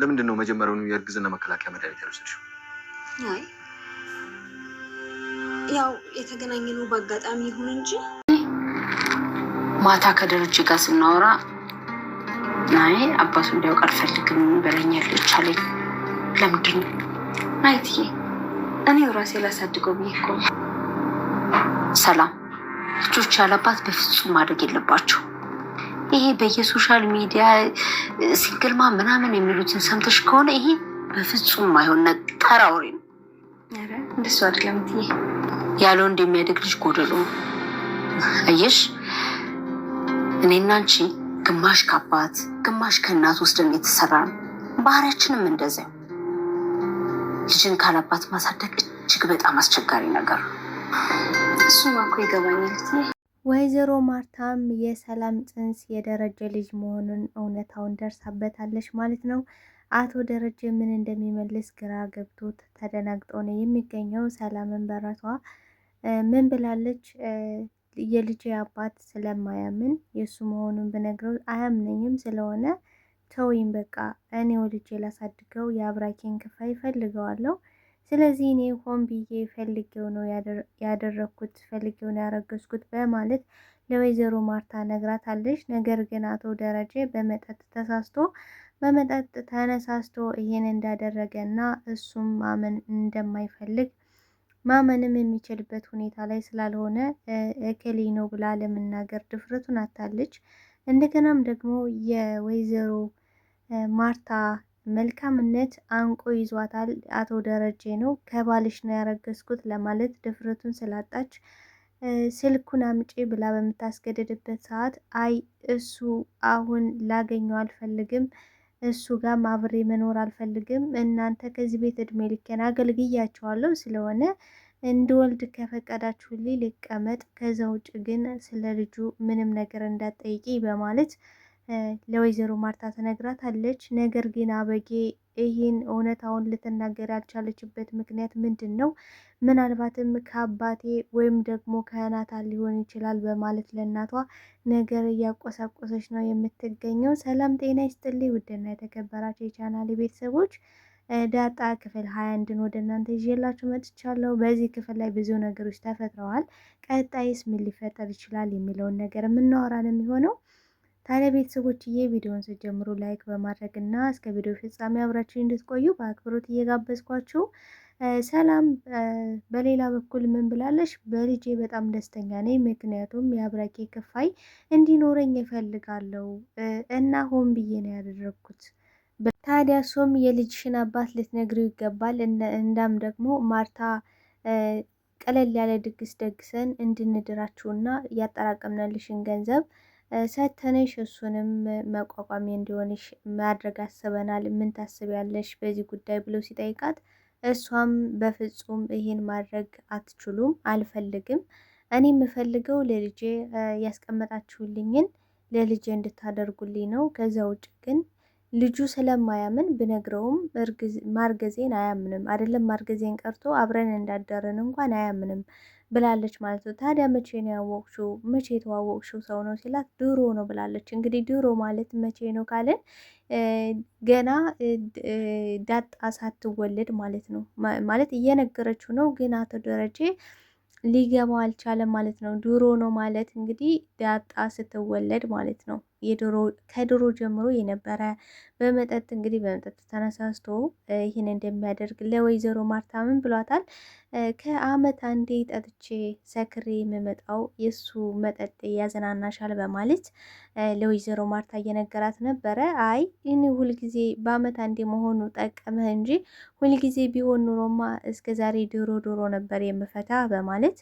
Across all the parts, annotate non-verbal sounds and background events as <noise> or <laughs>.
ለምንድን ነው መጀመሪያውን የእርግዝና መከላከያ መድኃኒት ያልወሰድሽው? ያው ነው በአጋጣሚ ይሁን እንጂ ማታ ከደረጀ ጋር ስናወራ ናይ አባቱ እንዲያውቅ አልፈልግም በለኛለች አለኝ። ለምንድን ነው ናይትዬ? እኔው ራሴ ላሳድገው ብዬ እኮ ሰላም ልጆች ያለባት በፍጹም ማድረግ የለባቸው ይሄ በየሶሻል ሚዲያ ሲንግልማ ምናምን የሚሉትን ሰምተሽ ከሆነ ይሄ በፍጹም አይሆን ጠራ ወሬ ነው። እንደሱ አይደለም ያለ ወንድ ልጅ ጎደሎ አየሽ፣ እኔና አንቺ ግማሽ ከአባት ግማሽ ከእናት ወስደን የተሰራ ነው። ባህሪያችንም እንደዚያ። ልጅን ካላባት ማሳደግ እጅግ በጣም አስቸጋሪ ነገር ነው። እሱማ እኮ ይገባኛል። ወይዘሮ ማርታም የሰላም ጽንስ የደረጀ ልጅ መሆኑን እውነታውን ደርሳበታለች ማለት ነው። አቶ ደረጀ ምን እንደሚመልስ ግራ ገብቶት ተደናግጦ ነው የሚገኘው። ሰላምን በራሷ ምን ብላለች? የልጅ አባት ስለማያምን የእሱ መሆኑን ብነግረው አያምነኝም፣ ስለሆነ ተወይም በቃ እኔው ልጄ ላሳድገው፣ የአብራኬን ክፋይ እፈልገዋለሁ ስለዚህ እኔ ሆን ብዬ ፈልጌው ነው ያደረግኩት፣ ፈልጌው ነው ያረገዝኩት በማለት ለወይዘሮ ማርታ ነግራታለች። ነገር ግን አቶ ደረጀ በመጠጥ ተሳስቶ በመጠጥ ተነሳስቶ ይሄን እንዳደረገ እና እሱም ማመን እንደማይፈልግ ማመንም የሚችልበት ሁኔታ ላይ ስላልሆነ እክሌ ነው ብላ ለመናገር ድፍረቱን አታለች። እንደገናም ደግሞ የወይዘሮ ማርታ መልካምነት አንቆ ይዟታል። አቶ ደረጀ ነው ከባልሽ ነው ያረገዝኩት ለማለት ድፍረቱን ስላጣች ስልኩን አምጪ ብላ በምታስገድድበት ሰዓት አይ እሱ አሁን ላገኘው አልፈልግም፣ እሱ ጋር አብሬ መኖር አልፈልግም፣ እናንተ ከዚህ ቤት እድሜ ልኬን አገልግያቸዋለሁ ስለሆነ እንድወልድ ከፈቀዳችሁልኝ ልቀመጥ፣ ከዛ ውጭ ግን ስለ ልጁ ምንም ነገር እንዳትጠይቂ በማለት ለወይዘሮ ማርታ ትነግራታለች። ነገር ግን አበጌ ይህን እውነታውን ልትናገር ያልቻለችበት ምክንያት ምንድን ነው? ምናልባትም ከአባቴ ወይም ደግሞ ከእናቷ ሊሆን ይችላል በማለት ለእናቷ ነገር እያቆሳቆሰች ነው የምትገኘው። ሰላም ጤና ይስጥልኝ ውድና የተከበራቸው የቻናሌ ቤተሰቦች ዳጣ ክፍል ሀያ አንድን ወደ እናንተ ይዤላችሁ መጥቻለሁ። በዚህ ክፍል ላይ ብዙ ነገሮች ተፈጥረዋል። ቀጣይስ ምን ሊፈጠር ይችላል የሚለውን ነገር የምናወራ ነው የሚሆነው ታዲያ ቤተሰቦችዬ ቪዲዮውን ስትጀምሩ ላይክ በማድረግ እና እስከ ቪዲዮ ፍጻሜ አብራችሁ እንድትቆዩ በአክብሮት እየጋበዝኳችሁ፣ ሰላም በሌላ በኩል ምን ብላለች? በልጄ በጣም ደስተኛ ነኝ፣ ምክንያቱም የአብራኬ ክፋይ እንዲኖረኝ እፈልጋለሁ እና ሆን ብዬ ነው ያደረግኩት። ታዲያ ሶም የልጅሽን አባት ልትነግሪው ይገባል። እንዳም ደግሞ ማርታ ቀለል ያለ ድግስ ደግሰን እንድንድራችሁና ያጠራቀምናልሽን ገንዘብ ሰተነሽ እሱንም መቋቋሚ እንዲሆንሽ ማድረግ አስበናል። ምን ታስቢያለሽ በዚህ ጉዳይ ብሎ ሲጠይቃት እሷም በፍጹም ይህን ማድረግ አትችሉም፣ አልፈልግም። እኔ የምፈልገው ለልጄ ያስቀመጣችሁልኝን ለልጄ እንድታደርጉልኝ ነው። ከዛ ውጭ ግን ልጁ ስለማያምን ብነግረውም ማርገዜን አያምንም። አይደለም ማርገዜን ቀርቶ አብረን እንዳደረን እንኳን አያምንም። ብላለች ማለት ነው። ታዲያ መቼ ነው ያወቅሽው? መቼ የተዋወቅሽው ሰው ነው ሲላት ድሮ ነው ብላለች። እንግዲህ ድሮ ማለት መቼ ነው ካለን ገና ዳጣ ሳትወለድ ማለት ነው። ማለት እየነገረችው ነው፣ ግን አቶ ደረጀ ሊገባው አልቻለም ማለት ነው። ድሮ ነው ማለት እንግዲህ ዳጣ ስትወለድ ማለት ነው። ከድሮ ጀምሮ የነበረ በመጠጥ እንግዲህ በመጠጥ ተነሳስቶ ይህን እንደሚያደርግ ለወይዘሮ ማርታምን ብሏታል። ከአመት አንዴ ጠጥቼ ሰክሬ የምመጣው የእሱ መጠጥ ያዝናናሻል በማለት ለወይዘሮ ማርታ እየነገራት ነበረ። አይ ይህን ሁልጊዜ በአመት አንዴ መሆኑ ጠቀመህ እንጂ ሁልጊዜ ቢሆን ኑሮማ እስከ ዛሬ ዶሮ ዶሮ ነበር የምፈታ በማለት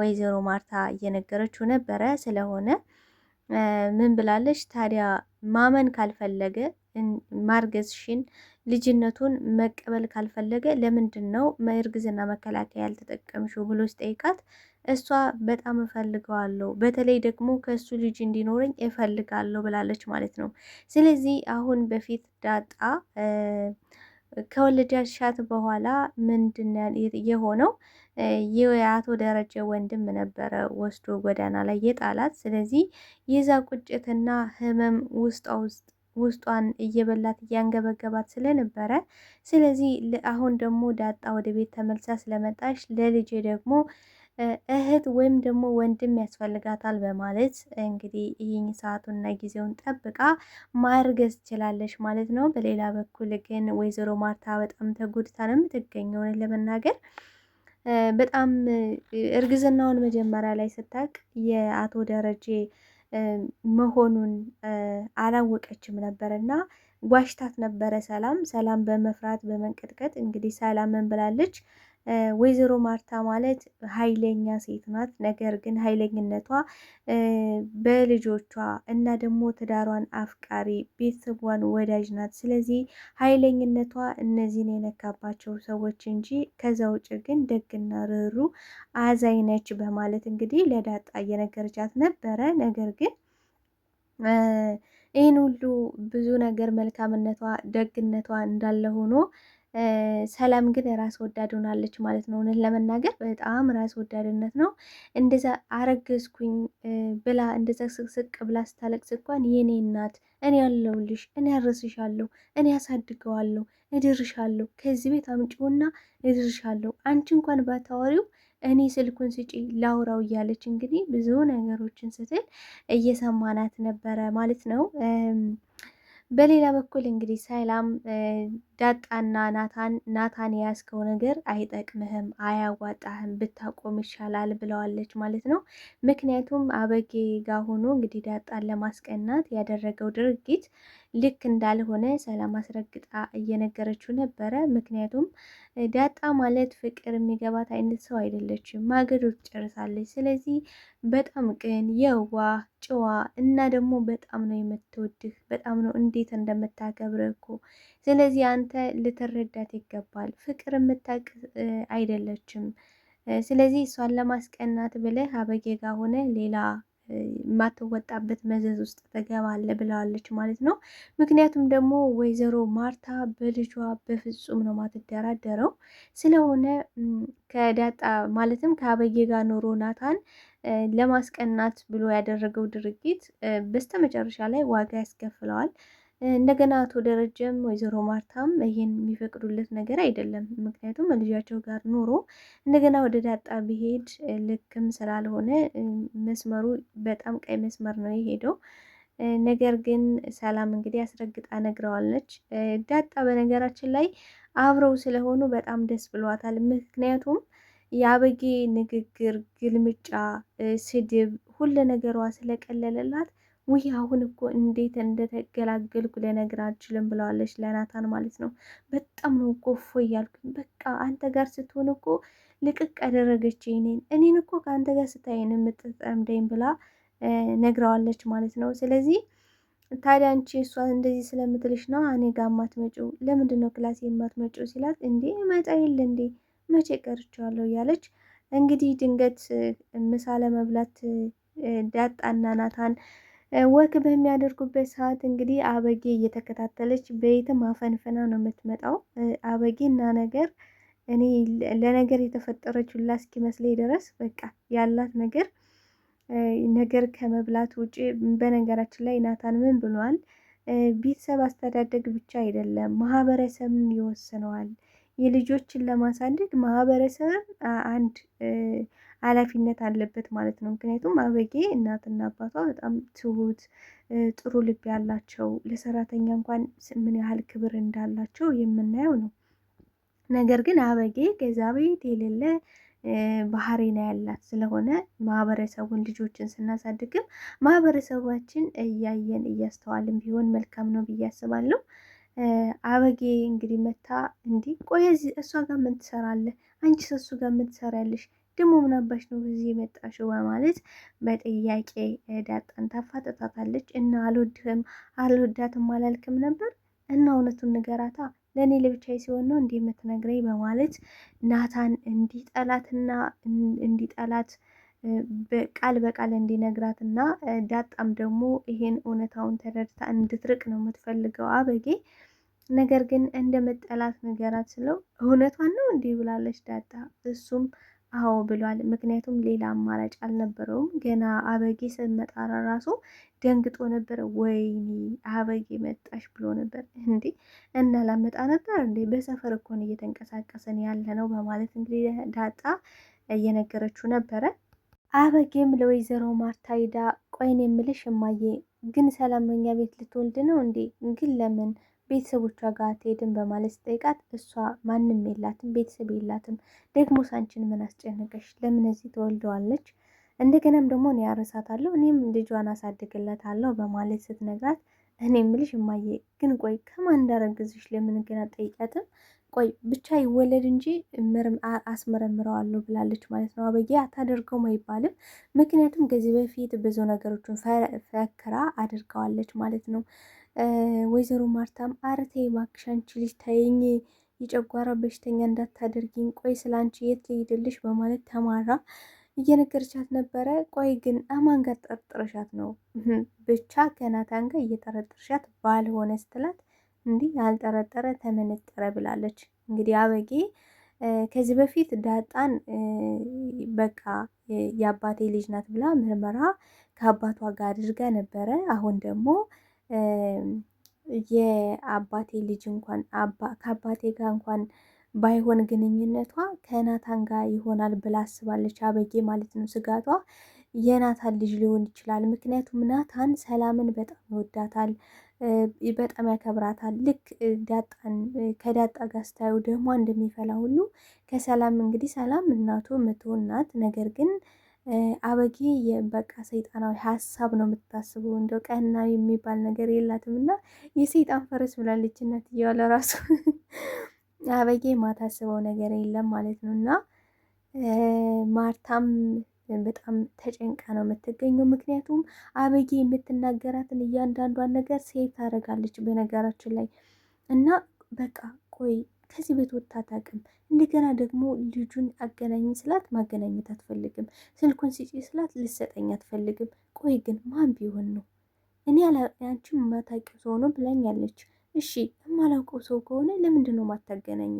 ወይዘሮ ማርታ እየነገረችው ነበረ ስለሆነ ምን ብላለች ታዲያ? ማመን ካልፈለገ ማርገዝሽን ልጅነቱን መቀበል ካልፈለገ ለምንድን ነው እርግዝና መከላከያ ያልተጠቀምሽው ብሎ ሲጠይቃት እሷ በጣም እፈልገዋለሁ በተለይ ደግሞ ከእሱ ልጅ እንዲኖረኝ እፈልጋለሁ ብላለች ማለት ነው። ስለዚህ አሁን በፊት ዳጣ ከወለዳሻት በኋላ ምንድን የሆነው? የአቶ ደረጀ ወንድም ነበረ ወስዶ ጎዳና ላይ የጣላት። ስለዚህ የዛ ቁጭትና ህመም ውስጧ ውስጥ ውስጧን እየበላት እያንገበገባት ስለነበረ ስለዚህ አሁን ደግሞ ዳጣ ወደ ቤት ተመልሳ ስለመጣች ለልጄ ደግሞ እህት ወይም ደግሞ ወንድም ያስፈልጋታል በማለት እንግዲህ ይህን ሰዓቱንና ጊዜውን ጠብቃ ማርገዝ ትችላለች ማለት ነው። በሌላ በኩል ግን ወይዘሮ ማርታ በጣም ተጎድታ ነው የምትገኘውን ለመናገር በጣም እርግዝናውን መጀመሪያ ላይ ስታቅ የአቶ ደረጀ መሆኑን አላወቀችም ነበር እና ጓሽታት ነበረ ሰላም ሰላም በመፍራት በመንቀጥቀጥ እንግዲህ ሰላምን ብላለች። ወይዘሮ ማርታ ማለት ኃይለኛ ሴት ናት። ነገር ግን ኃይለኝነቷ በልጆቿ እና ደግሞ ትዳሯን አፍቃሪ ቤተሰቧን ወዳጅ ናት። ስለዚህ ኃይለኝነቷ እነዚህን የነካባቸው ሰዎች እንጂ ከዛ ውጭ ግን ደግና ርሩ አዛኝ ነች በማለት እንግዲህ ለዳጣ እየነገረቻት ነበረ። ነገር ግን ይህን ሁሉ ብዙ ነገር መልካምነቷ ደግነቷ እንዳለ ሆኖ ሰላም ግን ራስ ወዳድ ሆናለች ማለት ነው። እውነት ለመናገር በጣም ራስ ወዳድነት ነው። እንደዛ አረገዝኩኝ ብላ እንደዛ ስቅስቅ ብላ ስታለቅስ እንኳን የኔ እናት እኔ ያለውልሽ፣ እኔ ያረስሻለሁ፣ እኔ ያሳድገዋለሁ፣ እድርሻለሁ፣ ከዚህ ቤት አምጪውና እድርሻለሁ፣ አንቺ እንኳን ባታወሪው እኔ ስልኩን ስጪ ላውራው እያለች እንግዲህ ብዙ ነገሮችን ስትል እየሰማናት ነበረ ማለት ነው። በሌላ በኩል እንግዲህ ሰላም ዳጣና ናታን ናታን የያዝከው ነገር አይጠቅምህም፣ አያዋጣህም ብታቆም ይሻላል ብለዋለች ማለት ነው። ምክንያቱም አበጌ ጋ ሆኖ እንግዲህ ዳጣን ለማስቀናት ያደረገው ድርጊት ልክ እንዳልሆነ ሰላም አስረግጣ እየነገረችው ነበረ። ምክንያቱም ዳጣ ማለት ፍቅር የሚገባት አይነት ሰው አይደለችም፣ ማገዶ ጨርሳለች ስለዚህ በጣም ቅን፣ የዋ፣ ጨዋ እና ደግሞ በጣም ነው የምትወድህ በጣም ነው እንዴት እንደምታከብረ እኮ ስለዚህ አንተ ልትረዳት ይገባል። ፍቅር የምታቅ አይደለችም። ስለዚህ እሷን ለማስቀናት ብለህ አበጌ ጋር ሆነ ሌላ የማትወጣበት መዘዝ ውስጥ ትገባለህ ብለዋለች ማለት ነው። ምክንያቱም ደግሞ ወይዘሮ ማርታ በልጇ በፍጹም ነው ማትደራደረው ስለሆነ ከዳጣ ማለትም ከአበጌ ጋር ኖሮ ናታን ለማስቀናት ብሎ ያደረገው ድርጊት በስተመጨረሻ ላይ ዋጋ ያስከፍለዋል። እንደገና አቶ ደረጀም ወይዘሮ ማርታም ይህን የሚፈቅዱለት ነገር አይደለም። ምክንያቱም ልጃቸው ጋር ኑሮ እንደገና ወደ ዳጣ ቢሄድ ልክም ስላልሆነ መስመሩ በጣም ቀይ መስመር ነው የሄደው። ነገር ግን ሰላም እንግዲህ አስረግጣ ነግረዋለች። ዳጣ በነገራችን ላይ አብረው ስለሆኑ በጣም ደስ ብሏታል። ምክንያቱም የአበጌ ንግግር፣ ግልምጫ፣ ስድብ ሁሉ ነገሯ ስለቀለለላት ውይ አሁን እኮ እንዴት እንደተገላገልኩ ልነግር አልችልም ብለዋለች ለናታን ማለት ነው። በጣም ነው እኮ እፎ እያልኩኝ በቃ አንተ ጋር ስትሆን እኮ ልቅቅ ያደረገች እኔን እኔን እኮ ከአንተ ጋር ስታይን የምትጠምደኝ ብላ ነግረዋለች ማለት ነው። ስለዚህ ታዲያ አንቺ እሷ እንደዚህ ስለምትልሽ ነው እኔ ጋር የማትመጪው ለምንድን ነው ክላስ የማትመጪው ሲላት፣ እንዴ መጣ የለ እንዴ መቼ ቀርቻለሁ እያለች እንግዲህ ድንገት ምሳ ለመብላት ዳጣና ናታን ወክ በሚያደርጉበት ሰዓት እንግዲህ አበጌ እየተከታተለች ቤትም አፈንፍና ነው የምትመጣው። አበጌ እና ነገር እኔ ለነገር የተፈጠረች ሁላ እስኪመስለኝ ድረስ በቃ ያላት ነገር ነገር ከመብላት ውጪ በነገራችን ላይ ናታን ምን ብሏል? ቤተሰብ አስተዳደግ ብቻ አይደለም ማህበረሰብን ይወስነዋል። የልጆችን ለማሳደግ ማህበረሰብ አንድ ኃላፊነት አለበት ማለት ነው። ምክንያቱም አበጌ እናትና አባቷ በጣም ትሁት፣ ጥሩ ልብ ያላቸው ለሰራተኛ እንኳን ምን ያህል ክብር እንዳላቸው የምናየው ነው። ነገር ግን አበጌ ገዛ ቤት የሌለ ባህሪ ነው ያላት። ስለሆነ ማህበረሰቡን ልጆችን ስናሳድግም ማህበረሰባችን እያየን እያስተዋልን ቢሆን መልካም ነው ብዬ አስባለሁ። አበጌ እንግዲህ መታ እንዲህ ቆይ እሷ ጋር ምን ትሰራለህ? አንቺ እሱ ጋር ምን ትሰሪያለሽ? ደግሞ ምናባሽ አባሽ ነው በዚህ የመጣሽው በማለት በጥያቄ ዳጣን ታፋጥጣታለች። እና አልወድህም አልወዳትም አላልክም ነበር እና እውነቱን ንገራታ ለእኔ ለብቻዬ ሲሆን ነው እንዲህ የምትነግረኝ በማለት ናታን እንዲጠላትና እንዲጠላት ቃል በቃል እንዲነግራት እና ዳጣም ደግሞ ይሄን እውነታውን ተረድታ እንድትርቅ ነው የምትፈልገው አበጌ። ነገር ግን እንደ መጠላት ነገራት ስለው እውነቷን ነው እንዲህ ብላለች ዳጣ እሱም አዎ ብሏል። ምክንያቱም ሌላ አማራጭ አልነበረውም። ገና አበጌ ስመጣራ ራሱ ደንግጦ ነበር። ወይኔ አበጌ መጣሽ ብሎ ነበር። እንዴ እና ላመጣ ነበር እንዴ በሰፈር እኮን እየተንቀሳቀሰን ያለ ነው በማለት እንግዲህ ዳጣ እየነገረችው ነበረ። አበጌም ለወይዘሮ ማርታ ሂዳ ቆይን የምልሽ እማዬ ግን ሰላመኛ ቤት ልትወልድ ነው እንዴ? ግን ለምን ቤተሰቦቿ ጋር አትሄድም በማለት ስጠይቃት እሷ ማንም የላትም ቤተሰብ የላትም፣ ደግሞ ሳንችን ምን አስጨነቀሽ? ለምን እዚህ ተወልደዋለች? እንደገናም ደግሞ እኔ ያረሳታለሁ፣ እኔም ልጇን አሳድግላታለሁ በማለት ስትነግራት እኔ ምልሽ እማዬ ግን ቆይ ከማን እንዳረግዝሽ ለምን ግን አጠይቀትም? ቆይ ብቻ ይወለድ እንጂ አስመረምረዋለሁ ብላለች ማለት ነው። አበጌ አታደርገውም አይባልም። ምክንያቱም ከዚህ በፊት ብዙ ነገሮችን ፈክራ አድርገዋለች ማለት ነው። ወይዘሮ ማርታም አርቴ እባክሽ አንቺ ልጅ ተይኝ፣ የጨጓራ በሽተኛ እንዳታደርጊኝ፣ ቆይ ስለ አንቺ የት ልሄድልሽ በማለት ተማራ እየነገረቻት ነበረ። ቆይ ግን አማን ጋር ጠርጥረሻት ነው ብቻ ከናታን ጋር እየጠረጠርሻት ባልሆነ ስትላት፣ እንዲህ ያልጠረጠረ ተመነጠረ ብላለች። እንግዲህ አበጌ ከዚህ በፊት ዳጣን በቃ የአባቴ ልጅ ናት ብላ ምርመራ ከአባቷ ጋር አድርጋ ነበረ። አሁን ደግሞ የአባቴ ልጅ እንኳን ከአባቴ ጋር እንኳን ባይሆን ግንኙነቷ ከናታን ጋር ይሆናል ብላ አስባለች አበጌ ማለት ነው። ስጋቷ የናታን ልጅ ሊሆን ይችላል። ምክንያቱም ናታን ሰላምን በጣም ይወዳታል፣ በጣም ያከብራታል። ልክ ዳጣን ከዳጣ ጋር ስታየው ደግሞ እንደሚፈላ ሁሉ ከሰላም እንግዲህ ሰላም እናቱ ምትሆን ናት። ነገር ግን አበጌ በቃ ሰይጣናዊ ሀሳብ ነው የምታስበው። እንደው ቀና የሚባል ነገር የላትም እና የሰይጣን ፈረስ ብላለች እናትየዋ ለራሱ <laughs> አበጌ ማታስበው ነገር የለም ማለት ነው። እና ማርታም በጣም ተጨንቃ ነው የምትገኘው። ምክንያቱም አበጌ የምትናገራትን እያንዳንዷን ነገር ሴት ታደርጋለች በነገራችን ላይ እና በቃ ቆይ ከዚህ ቤት ወጥታ አታውቅም። እንደገና ደግሞ ልጁን አገናኝ ስላት ማገናኘት አትፈልግም። ስልኩን ስጪ ስላት ልሰጠኝ አትፈልግም። ቆይ ግን ማን ቢሆን ነው? እኔ አንቺም የማታውቂው ሰው ነው ብላኛለች። እሺ የማላውቀው ሰው ከሆነ ለምንድን ነው ማታገናኝ?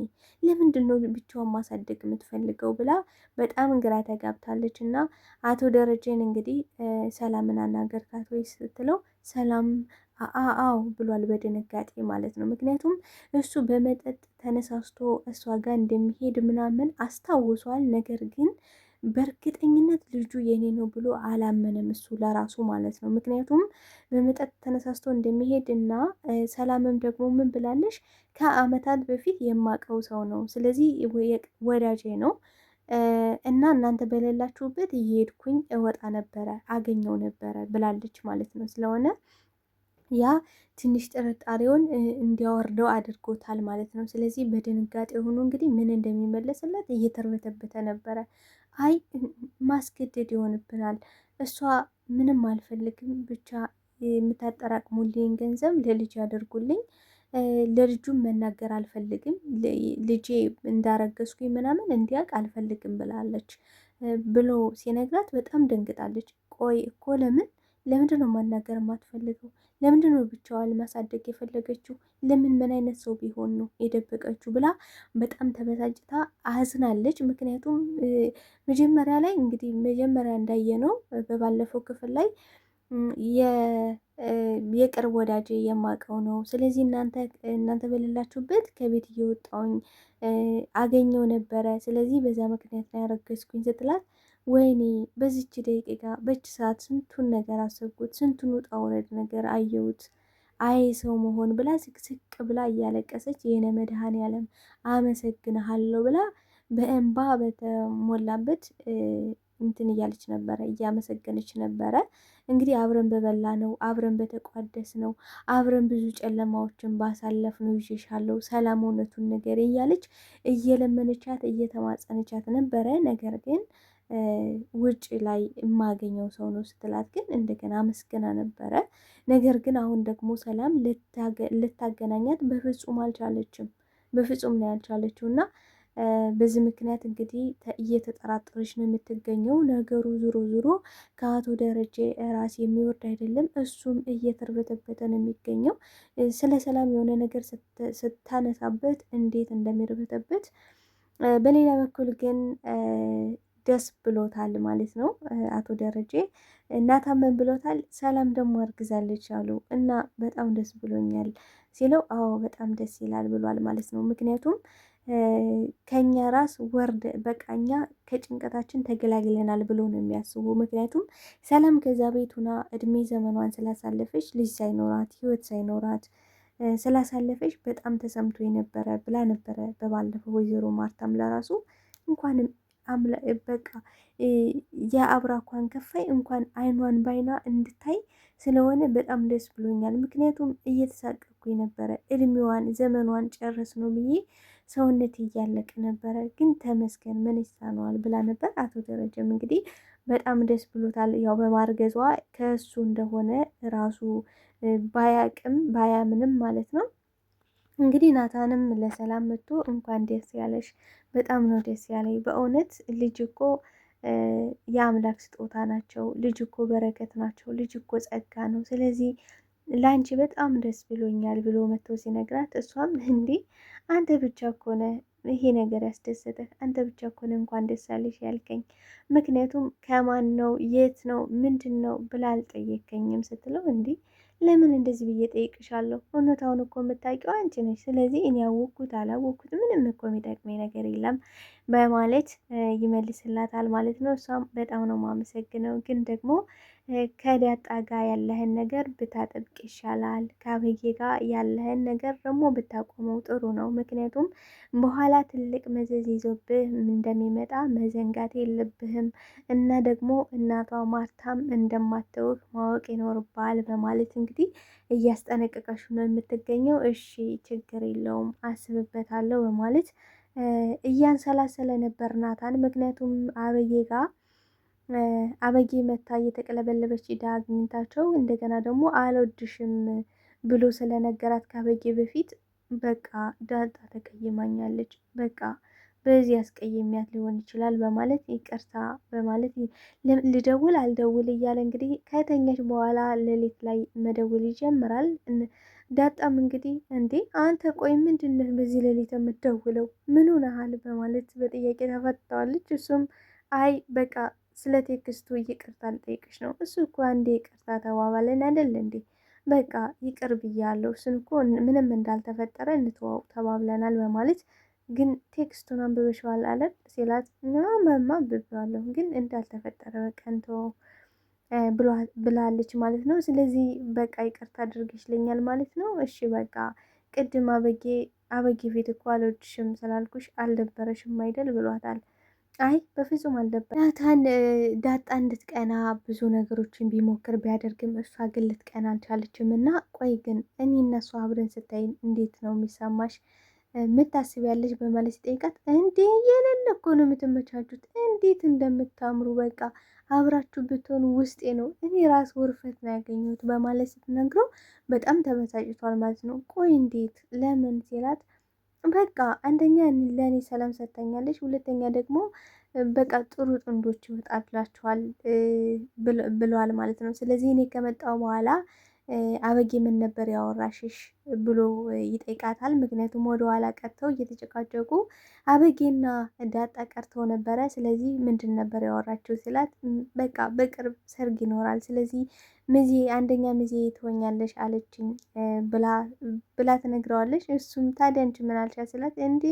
ለምንድን ነው ብቻውን ማሳደግ የምትፈልገው ብላ በጣም እንግራ ተጋብታለች። እና አቶ ደረጀን እንግዲህ ሰላምን አናገርካት ወይ ስትለው ሰላም አአአው ብሏል በድንጋጤ ማለት ነው። ምክንያቱም እሱ በመጠጥ ተነሳስቶ እሷ ጋር እንደሚሄድ ምናምን አስታውሷል። ነገር ግን በእርግጠኝነት ልጁ የኔ ነው ብሎ አላመነም እሱ ለራሱ ማለት ነው። ምክንያቱም በመጠጥ ተነሳስቶ እንደሚሄድ እና ሰላምም ደግሞ ምን ብላለሽ፣ ከአመታት በፊት የማቀው ሰው ነው፣ ስለዚህ ወዳጄ ነው እና እናንተ በሌላችሁበት እየሄድኩኝ እወጣ ነበረ አገኘው ነበረ ብላለች ማለት ነው ስለሆነ ያ ትንሽ ጥርጣሬውን እንዲያወርደው አድርጎታል ማለት ነው። ስለዚህ በድንጋጤ ሆኖ እንግዲህ ምን እንደሚመለስለት እየተርበተበተ ነበረ። አይ ማስገደድ ይሆንብናል፣ እሷ ምንም አልፈልግም፣ ብቻ የምታጠራቅሙልኝ ገንዘብ ለልጅ ያደርጉልኝ፣ ለልጁም መናገር አልፈልግም፣ ልጄ እንዳረገዝኩኝ ምናምን እንዲያውቅ አልፈልግም ብላለች ብሎ ሲነግራት በጣም ደንግጣለች። ቆይ እኮ ለምን ለምንድን ነው ማናገር የማትፈልገው? ለምንድን ነው ብቻዋን ማሳደግ የፈለገችው? ለምን ምን አይነት ሰው ቢሆን ነው የደበቀችው? ብላ በጣም ተበሳጭታ አዝናለች። ምክንያቱም መጀመሪያ ላይ እንግዲህ መጀመሪያ እንዳየ ነው በባለፈው ክፍል ላይ የቅርብ ወዳጅ የማውቀው ነው። ስለዚህ እናንተ በሌላችሁበት ከቤት እየወጣውኝ አገኘው ነበረ። ስለዚህ በዛ ምክንያት ነው ያረገዝኩኝ ስትላት ወይኔ በዚች ደቂቃ በች ሰዓት ስንቱን ነገር አሰብኩት፣ ስንቱን ውጣ ውረድ ነገር አየሁት። አይ ሰው መሆን ብላ ስቅስቅ ብላ እያለቀሰች የነ ያለም አመሰግንሃለሁ ብላ በእንባ በተሞላበት እንትን እያለች ነበረ፣ እያመሰገነች ነበረ። እንግዲህ አብረን በበላ ነው፣ አብረን በተቋደስ ነው፣ አብረን ብዙ ጨለማዎችን ባሳለፍ ነው ይሸሻለው ሰላም እውነቱን ነገር እያለች እየለመነቻት እየተማጸነቻት ነበረ ነገር ግን ውጪ ላይ የማገኘው ሰው ነው ስትላት ግን እንደገና አመስግና ነበረ። ነገር ግን አሁን ደግሞ ሰላም ልታገናኛት በፍጹም አልቻለችም። በፍጹም ነው ያልቻለችው እና በዚህ ምክንያት እንግዲህ እየተጠራጠረች ነው የምትገኘው። ነገሩ ዞሮ ዞሮ ከአቶ ደረጀ ራስ የሚወርድ አይደለም። እሱም እየተርበተበተ ነው የሚገኘው። ስለ ሰላም የሆነ ነገር ስታነሳበት እንዴት እንደሚርበተበት በሌላ በኩል ግን ደስ ብሎታል ማለት ነው አቶ ደረጀ። እናታም ብሎታል? ሰላም ደግሞ አርግዛለች አሉ እና በጣም ደስ ብሎኛል ሲለው አዎ በጣም ደስ ይላል ብሏል ማለት ነው። ምክንያቱም ከኛ ራስ ወርድ በቃኛ ከጭንቀታችን ተገላግለናል ብሎ ነው የሚያስቡ። ምክንያቱም ሰላም ከዛ ቤቱና እድሜ ዘመኗን ስላሳለፈች ልጅ ሳይኖራት ህይወት ሳይኖራት ስላሳለፈች በጣም ተሰምቶ የነበረ ብላ ነበረ በባለፈው ወይዘሮ ማርታም ለራሱ እንኳንም በቃ የአብራኳን ከፋይ እንኳን አይኗን ባይኗ እንድታይ ስለሆነ በጣም ደስ ብሎኛል። ምክንያቱም እየተሳቀኩ ነበረ። እድሜዋን ዘመኗን ጨረስ ነው ብዬ ሰውነት እያለቅ ነበረ። ግን ተመስገን ምን ይሳነዋል ብላ ነበር። አቶ ደረጀም እንግዲህ በጣም ደስ ብሎታል። ያው በማርገዟ ከእሱ እንደሆነ ራሱ ባያቅም ባያምንም ማለት ነው እንግዲህ ናታንም ለሰላም መጥቶ እንኳን ደስ ያለሽ፣ በጣም ነው ደስ ያለኝ። በእውነት ልጅ እኮ የአምላክ ስጦታ ናቸው። ልጅ እኮ በረከት ናቸው። ልጅ እኮ ጸጋ ነው። ስለዚህ ለአንቺ በጣም ደስ ብሎኛል ብሎ መጥቶ ሲነግራት እሷም <laughs> እንዲህ አንተ ብቻ ኮነ ይሄ ነገር ያስደሰተህ አንተ ብቻ ኮነ እንኳን ደስ ያለሽ ያልከኝ፣ ምክንያቱም ከማን ነው የት ነው ምንድን ነው ብላ አልጠየከኝም ስትለው እንዲህ ለምን እንደዚህ ብዬ ጠይቅሻለሁ? እውነታውን እኮ የምታውቂው አንቺ ነሽ። ስለዚህ እኔ ያወቅኩት አላወቅኩት ምንም እኮ የሚጠቅመኝ ነገር የለም በማለት ይመልስላታል ማለት ነው። እሷም በጣም ነው ማመሰግነው፣ ግን ደግሞ ከዳጣ ጋር ያለህን ነገር ብታጠብቅ ይሻላል፣ ከአብዬ ጋር ያለህን ነገር ደግሞ ብታቆመው ጥሩ ነው። ምክንያቱም በኋላ ትልቅ መዘዝ ይዞብህ እንደሚመጣ መዘንጋት የለብህም እና ደግሞ እናቷ ማርታም እንደማትተውህ ማወቅ ይኖርብሃል በማለት እንግዲህ እያስጠነቀቀሽ ነው የምትገኘው። እሺ ችግር የለውም አስብበታለሁ በማለት እያንሰላሰለ ነበር ናታን። ምክንያቱም አበዬ ጋ አበጌ መታ እየተቀለበለበች ዳ አግኝታቸው እንደገና ደግሞ አልወድሽም ብሎ ስለነገራት ከአበጌ በፊት በቃ ዳጣ ተቀይማኛለች፣ በቃ በዚህ አስቀይሜያት ሊሆን ይችላል በማለት ይቅርታ በማለት ልደውል አልደውል እያለ እንግዲህ ከተኛች በኋላ ሌሊት ላይ መደውል ይጀምራል። ዳጣም እንግዲህ እንዴ አንተ ቆይ ምንድነህ በዚህ ሌሊት የምትደውለው ምን ሆነሃል? በማለት በጥያቄ ተፈትተዋለች። እሱም አይ በቃ ስለ ቴክስቱ ይቅርታ ልጠይቅሽ ነው። እሱ እኮ አንዴ ይቅርታ ተባባለን አይደል እንዴ? በቃ ይቅር ብያለሁ። እሱን እኮ ምንም እንዳልተፈጠረ እንተዋወቅ ተባብለናል በማለት ግን ቴክስቱን አንብበሽዋል አለን ሲላት፣ መማ አንብቤዋለሁ ግን እንዳልተፈጠረ በቃ እንተወው ብላለች ማለት ነው። ስለዚህ በቃ ይቅርታ አድርገሽልኛል ማለት ነው። እሺ በቃ ቅድም አበጌ አበጌ ፊት እኮ አልወድሽም ስላልኩሽ አልደበረሽም አይደል ብሏታል። አይ በፍጹም አልደበር ናታን ዳጣ እንድትቀና ብዙ ነገሮችን ቢሞክር ቢያደርግም እሷ ግን ልትቀና አልቻለችም። እና ቆይ ግን እኔ እነሱ አብረን ስታይን እንዴት ነው የሚሰማሽ? የምታስቢያለሽ በማለት ሲጠይቃት እንዴ የሌለ እኮ ነው የምትመቻቹት፣ እንዴት እንደምታምሩ በቃ አብራችሁ ብትሆኑ ውስጤ ነው፣ እኔ ራስ ውርፈት ነው ያገኘሁት በማለት ስትነግረው በጣም ተበሳጭቷል ማለት ነው። ቆይ እንዴት ለምን ሲላት በቃ አንደኛ ለእኔ ሰላም ሰጥታኛለች፣ ሁለተኛ ደግሞ በቃ ጥሩ ጥንዶች ይወጣላችኋል ብለዋል ማለት ነው። ስለዚህ እኔ ከመጣው በኋላ አበጌ ምን ነበር ያወራሽሽ ብሎ ይጠይቃታል። ምክንያቱም ወደኋላ ቀርተው እየተጨቃጨቁ አበጌና ዳጣ ቀርተው ነበረ። ስለዚህ ምንድን ነበር ያወራችው ሲላት፣ በቃ በቅርብ ሰርግ ይኖራል፣ ስለዚህ ሚዜ አንደኛ ምዜ ትሆኛለሽ አለችኝ ብላ ትነግረዋለች። እሱም ታዲያ አንቺ ምን አልሻ ሲላት እንዴ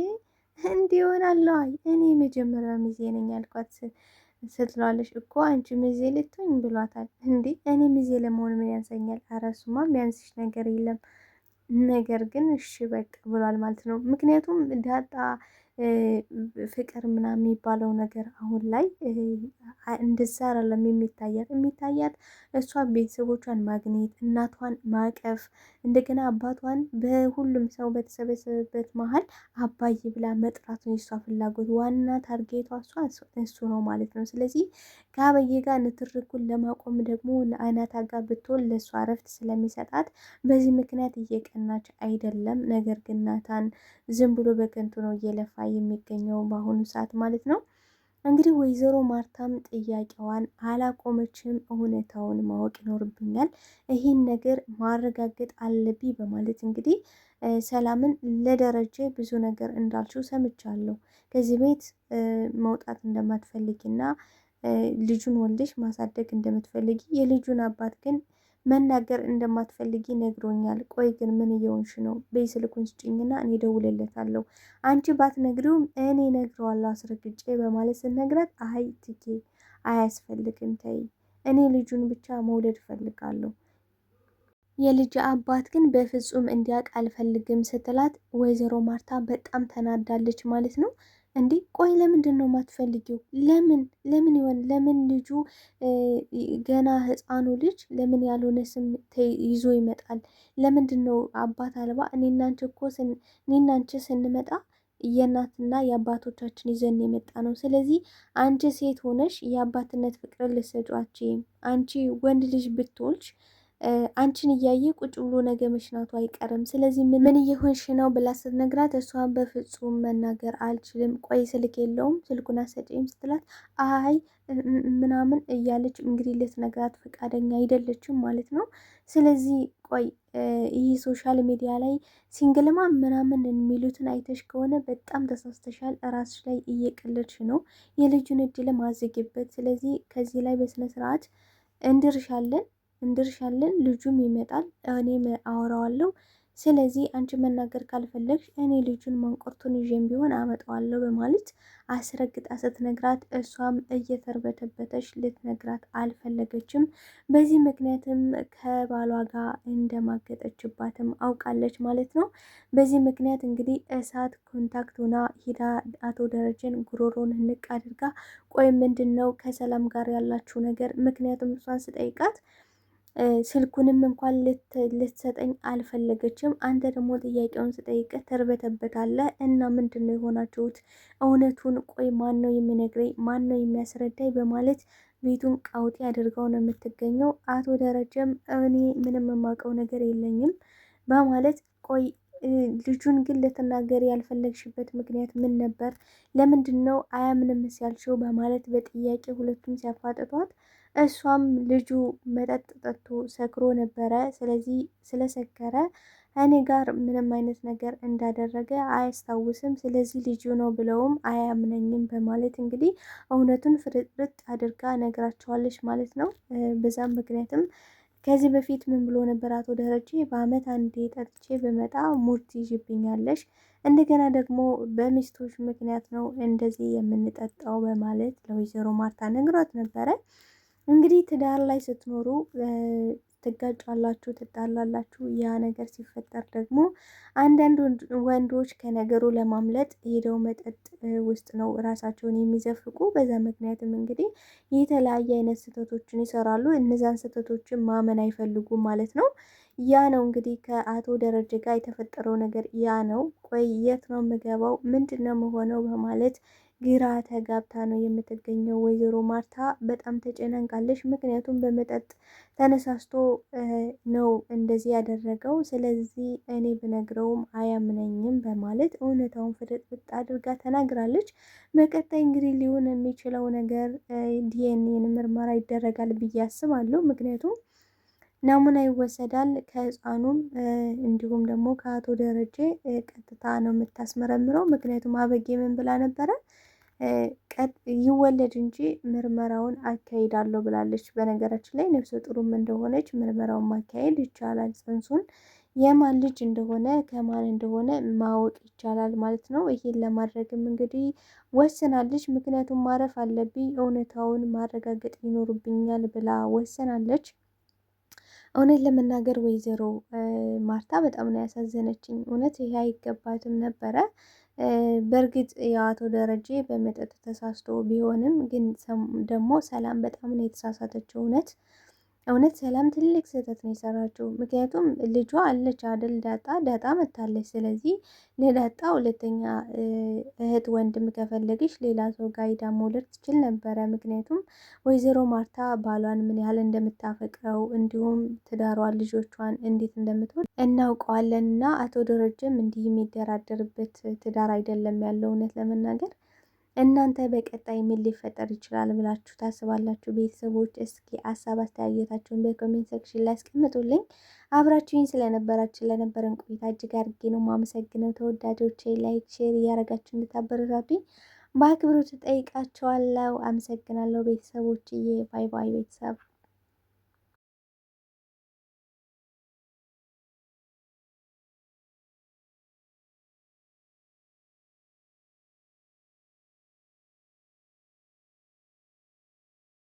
እንዲሆን አለዋይ እኔ መጀመሪያ ሚዜ ነኝ ያልኳት ስትለዋለች እኮ አንቺ ሚዜ ልትሆኝ ብሏታል። እንዴ እኔ ሚዜ ለመሆን ምን ያንሰኛል? ኧረ እሱማ ነገር የለም ነገር ግን እሺ በቅ ብሏል ማለት ነው። ምክንያቱም ዳጣ ፍቅር ምናምን የሚባለው ነገር አሁን ላይ እንደዛ አይደለም የሚታያት። የሚታያት እሷ ቤተሰቦቿን ማግኘት፣ እናቷን ማቀፍ፣ እንደገና አባቷን በሁሉም ሰው በተሰበሰበበት መሀል አባይ ብላ መጥራት ነው የእሷ ፍላጎት። ዋና ታርጌቷ እሷ እሱ ነው ማለት ነው። ስለዚህ ከአበየ ጋር ንትርኩን ለማቆም ደግሞ ለአይናታ ጋር ብትሆን ለእሷ እረፍት ስለሚሰጣት በዚህ ምክንያት እየቀናች አይደለም። ነገር ግን ናታን ዝም ብሎ በከንቱ ነው እየለፋ የሚገኘው በአሁኑ ሰዓት ማለት ነው። እንግዲህ ወይዘሮ ማርታም ጥያቄዋን አላቆመችም። እውነታውን ማወቅ ይኖርብኛል፣ ይህን ነገር ማረጋገጥ አለብኝ በማለት እንግዲህ ሰላምን ለደረጀ ብዙ ነገር እንዳልችው ሰምቻለሁ፣ ከዚህ ቤት መውጣት እንደማትፈልጊና ልጁን ወልደሽ ማሳደግ እንደምትፈልጊ የልጁን አባት ግን መናገር እንደማትፈልጊ ነግሮኛል። ቆይ ግን ምን እየሆንሽ ነው? በይ ስልኩን ስጭኝና እኔ ደውልለታለሁ። አንቺ ባትነግሪውም እኔ ነግረዋለሁ አስረግጬ በማለት ስነግራት፣ አይ ትኬ አያስፈልግም ተይ፣ እኔ ልጁን ብቻ መውለድ እፈልጋለሁ። የልጅ አባት ግን በፍጹም እንዲያውቅ አልፈልግም ስትላት፣ ወይዘሮ ማርታ በጣም ተናዳለች ማለት ነው። እንዴ ቆይ ለምንድን ነው የማትፈልጊው? ለምን ለምን ይሆን ለምን ልጁ ገና ህፃኑ ልጅ ለምን ያልሆነ ስም ይዞ ይመጣል? ለምንድን ነው አባት አልባ? እኔ እኮ ስንመጣ የእናትና የአባቶቻችን ይዘን የመጣ ነው። ስለዚህ አንቺ ሴት ሆነሽ የአባትነት ፍቅር ልትሰጪው አንቺ ወንድ ልጅ ብትወልጅ አንቺን እያየ ቁጭ ብሎ ነገ መሽናቱ አይቀርም፣ ስለዚህ ምን እየሆንሽ ነው ብላ ስትነግራት እሷን በፍጹም መናገር አልችልም፣ ቆይ ስልክ የለውም ስልኩን አሰጪኝ ስትላት አይ ምናምን እያለች እንግዲህ ልትነግራት ፈቃደኛ አይደለችም ማለት ነው። ስለዚህ ቆይ ይህ ሶሻል ሚዲያ ላይ ሲንግልማ ምናምን የሚሉትን አይተሽ ከሆነ በጣም ተሳስተሻል፣ ራስሽ ላይ እየቀለድሽ ነው፣ የልጁን እድል ማዘግበት። ስለዚህ ከዚህ ላይ በስነስርዓት እንድርሻለን እንድርሻለን፣ ልጁም ይመጣል፣ እኔ አወራዋለሁ። ስለዚህ አንቺ መናገር ካልፈለግሽ እኔ ልጁን ማንቆርቱን ይዤም ቢሆን አመጣዋለሁ በማለት አስረግጣ ስትነግራት እሷም እየተርበተበተች ልትነግራት አልፈለገችም። በዚህ ምክንያትም ከባሏ ጋር እንደማገጠችባትም አውቃለች ማለት ነው። በዚህ ምክንያት እንግዲህ እሳት ኮንታክት ሆና ሂዳ አቶ ደረጀን ጉሮሮን ንቅ አድርጋ ቆይ ምንድን ነው ከሰላም ጋር ያላችሁ ነገር? ምክንያቱም እሷን ስጠይቃት ስልኩንም እንኳን ልትሰጠኝ አልፈለገችም። አንተ ደግሞ ጥያቄውን ስጠይቀ ተርበተበታለ እና ምንድን ነው የሆናችሁት? እውነቱን ቆይ ማን ነው የሚነግረኝ? ማን ነው የሚያስረዳኝ? በማለት ቤቱን ቃውጢ አድርገው ነው የምትገኘው። አቶ ደረጀም እኔ ምንም የማውቀው ነገር የለኝም በማለት ቆይ ልጁን ግን ልትናገር ያልፈለግሽበት ምክንያት ምን ነበር? ለምንድን ነው አያምንም ሲያልሽው? በማለት በጥያቄ ሁለቱም ሲያፋጥጧት እሷም ልጁ መጠጥ ጠጥቶ ሰክሮ ነበረ። ስለዚህ ስለሰከረ እኔ ጋር ምንም አይነት ነገር እንዳደረገ አያስታውስም። ስለዚህ ልጁ ነው ብለውም አያምነኝም በማለት እንግዲህ እውነቱን ፍርጥርጥ አድርጋ ነግራቸዋለች ማለት ነው። በዛም ምክንያትም ከዚህ በፊት ምን ብሎ ነበር አቶ ደረጀ፣ በአመት አንዴ ጠጥቼ በመጣ ሙድ ይዥብኛለሽ፣ እንደገና ደግሞ በሚስቶች ምክንያት ነው እንደዚህ የምንጠጣው በማለት ለወይዘሮ ማርታ ነግሯት ነበረ። እንግዲህ ትዳር ላይ ስትኖሩ ትጋጫላችሁ፣ ትጣላላችሁ። ያ ነገር ሲፈጠር ደግሞ አንዳንድ ወንዶች ከነገሩ ለማምለጥ ሄደው መጠጥ ውስጥ ነው ራሳቸውን የሚዘፍቁ። በዛ ምክንያትም እንግዲህ የተለያየ አይነት ስህተቶችን ይሰራሉ። እነዛን ስህተቶችን ማመን አይፈልጉም ማለት ነው። ያ ነው እንግዲህ ከአቶ ደረጀ ጋር የተፈጠረው ነገር ያ ነው። ቆይ የት ነው የምገባው? ምንድን ነው የምሆነው? በማለት ግራ ተጋብታ ነው የምትገኘው። ወይዘሮ ማርታ በጣም ተጨናንቃለች። ምክንያቱም በመጠጥ ተነሳስቶ ነው እንደዚህ ያደረገው። ስለዚህ እኔ ብነግረውም አያምነኝም በማለት እውነታውን ፍጥጥ አድርጋ ተናግራለች። በቀጣይ እንግዲህ ሊሆን የሚችለው ነገር ዲኤንኤን ምርመራ ይደረጋል ብዬ አስባለሁ። ምክንያቱም ናሙና ይወሰዳል ከህፃኑም እንዲሁም ደግሞ ከአቶ ደረጀ ቀጥታ ነው የምታስመረምረው። ምክንያቱም አበጌ ምን ብላ ነበረ? ይወለድ እንጂ ምርመራውን አካሂዳለሁ ብላለች። በነገራችን ላይ ነፍሰ ጥሩም እንደሆነች ምርመራውን ማካሄድ ይቻላል። ጽንሱን የማን ልጅ እንደሆነ ከማን እንደሆነ ማወቅ ይቻላል ማለት ነው። ይሄን ለማድረግም እንግዲህ ወስናለች። ምክንያቱም ማረፍ አለብኝ፣ እውነታውን ማረጋገጥ ይኖርብኛል ብላ ወሰናለች። እውነት ለመናገር ወይዘሮ ማርታ በጣም ነው ያሳዘነችኝ። እውነት ይሄ አይገባትም ነበረ በእርግጥ የአቶ ደረጀ በመጠጥ ተሳስቶ ቢሆንም ግን ደግሞ ሰላም በጣም ነው የተሳሳተችው እውነት እውነት ሰላም ትልቅ ስህተት ነው የሰራችው። ምክንያቱም ልጇ አለች አደል ዳጣ ዳጣ መታለች። ስለዚህ ለዳጣ ሁለተኛ እህት ወንድም ከፈለገች ሌላ ሰው ጋይዳ መውለድ ትችል ነበረ። ምክንያቱም ወይዘሮ ማርታ ባሏን ምን ያህል እንደምታፈቅረው እንዲሁም ትዳሯን፣ ልጆቿን እንዴት እንደምትወድ እናውቀዋለን። እና አቶ ደረጀም እንዲህ የሚደራደርበት ትዳር አይደለም ያለው እውነት ለመናገር እናንተ በቀጣይ ምን ሊፈጠር ይችላል ብላችሁ ታስባላችሁ? ቤተሰቦች እስኪ ሀሳብ አስተያየታችሁን በኮሜንት ሴክሽን ላይ አስቀምጡልኝ። አብራችሁኝ ስለነበራችሁ ለነበረን ቆይታ እጅግ አድርጌ ነው ማመሰግነው። ተወዳጆቼ ላይክ፣ ሼር እያደረጋችሁ እንድታበረታቱኝ በአክብሮት ጠይቃችኋለሁ። አመሰግናለሁ ቤተሰቦችዬ። ባይ ባይ ቤተሰብ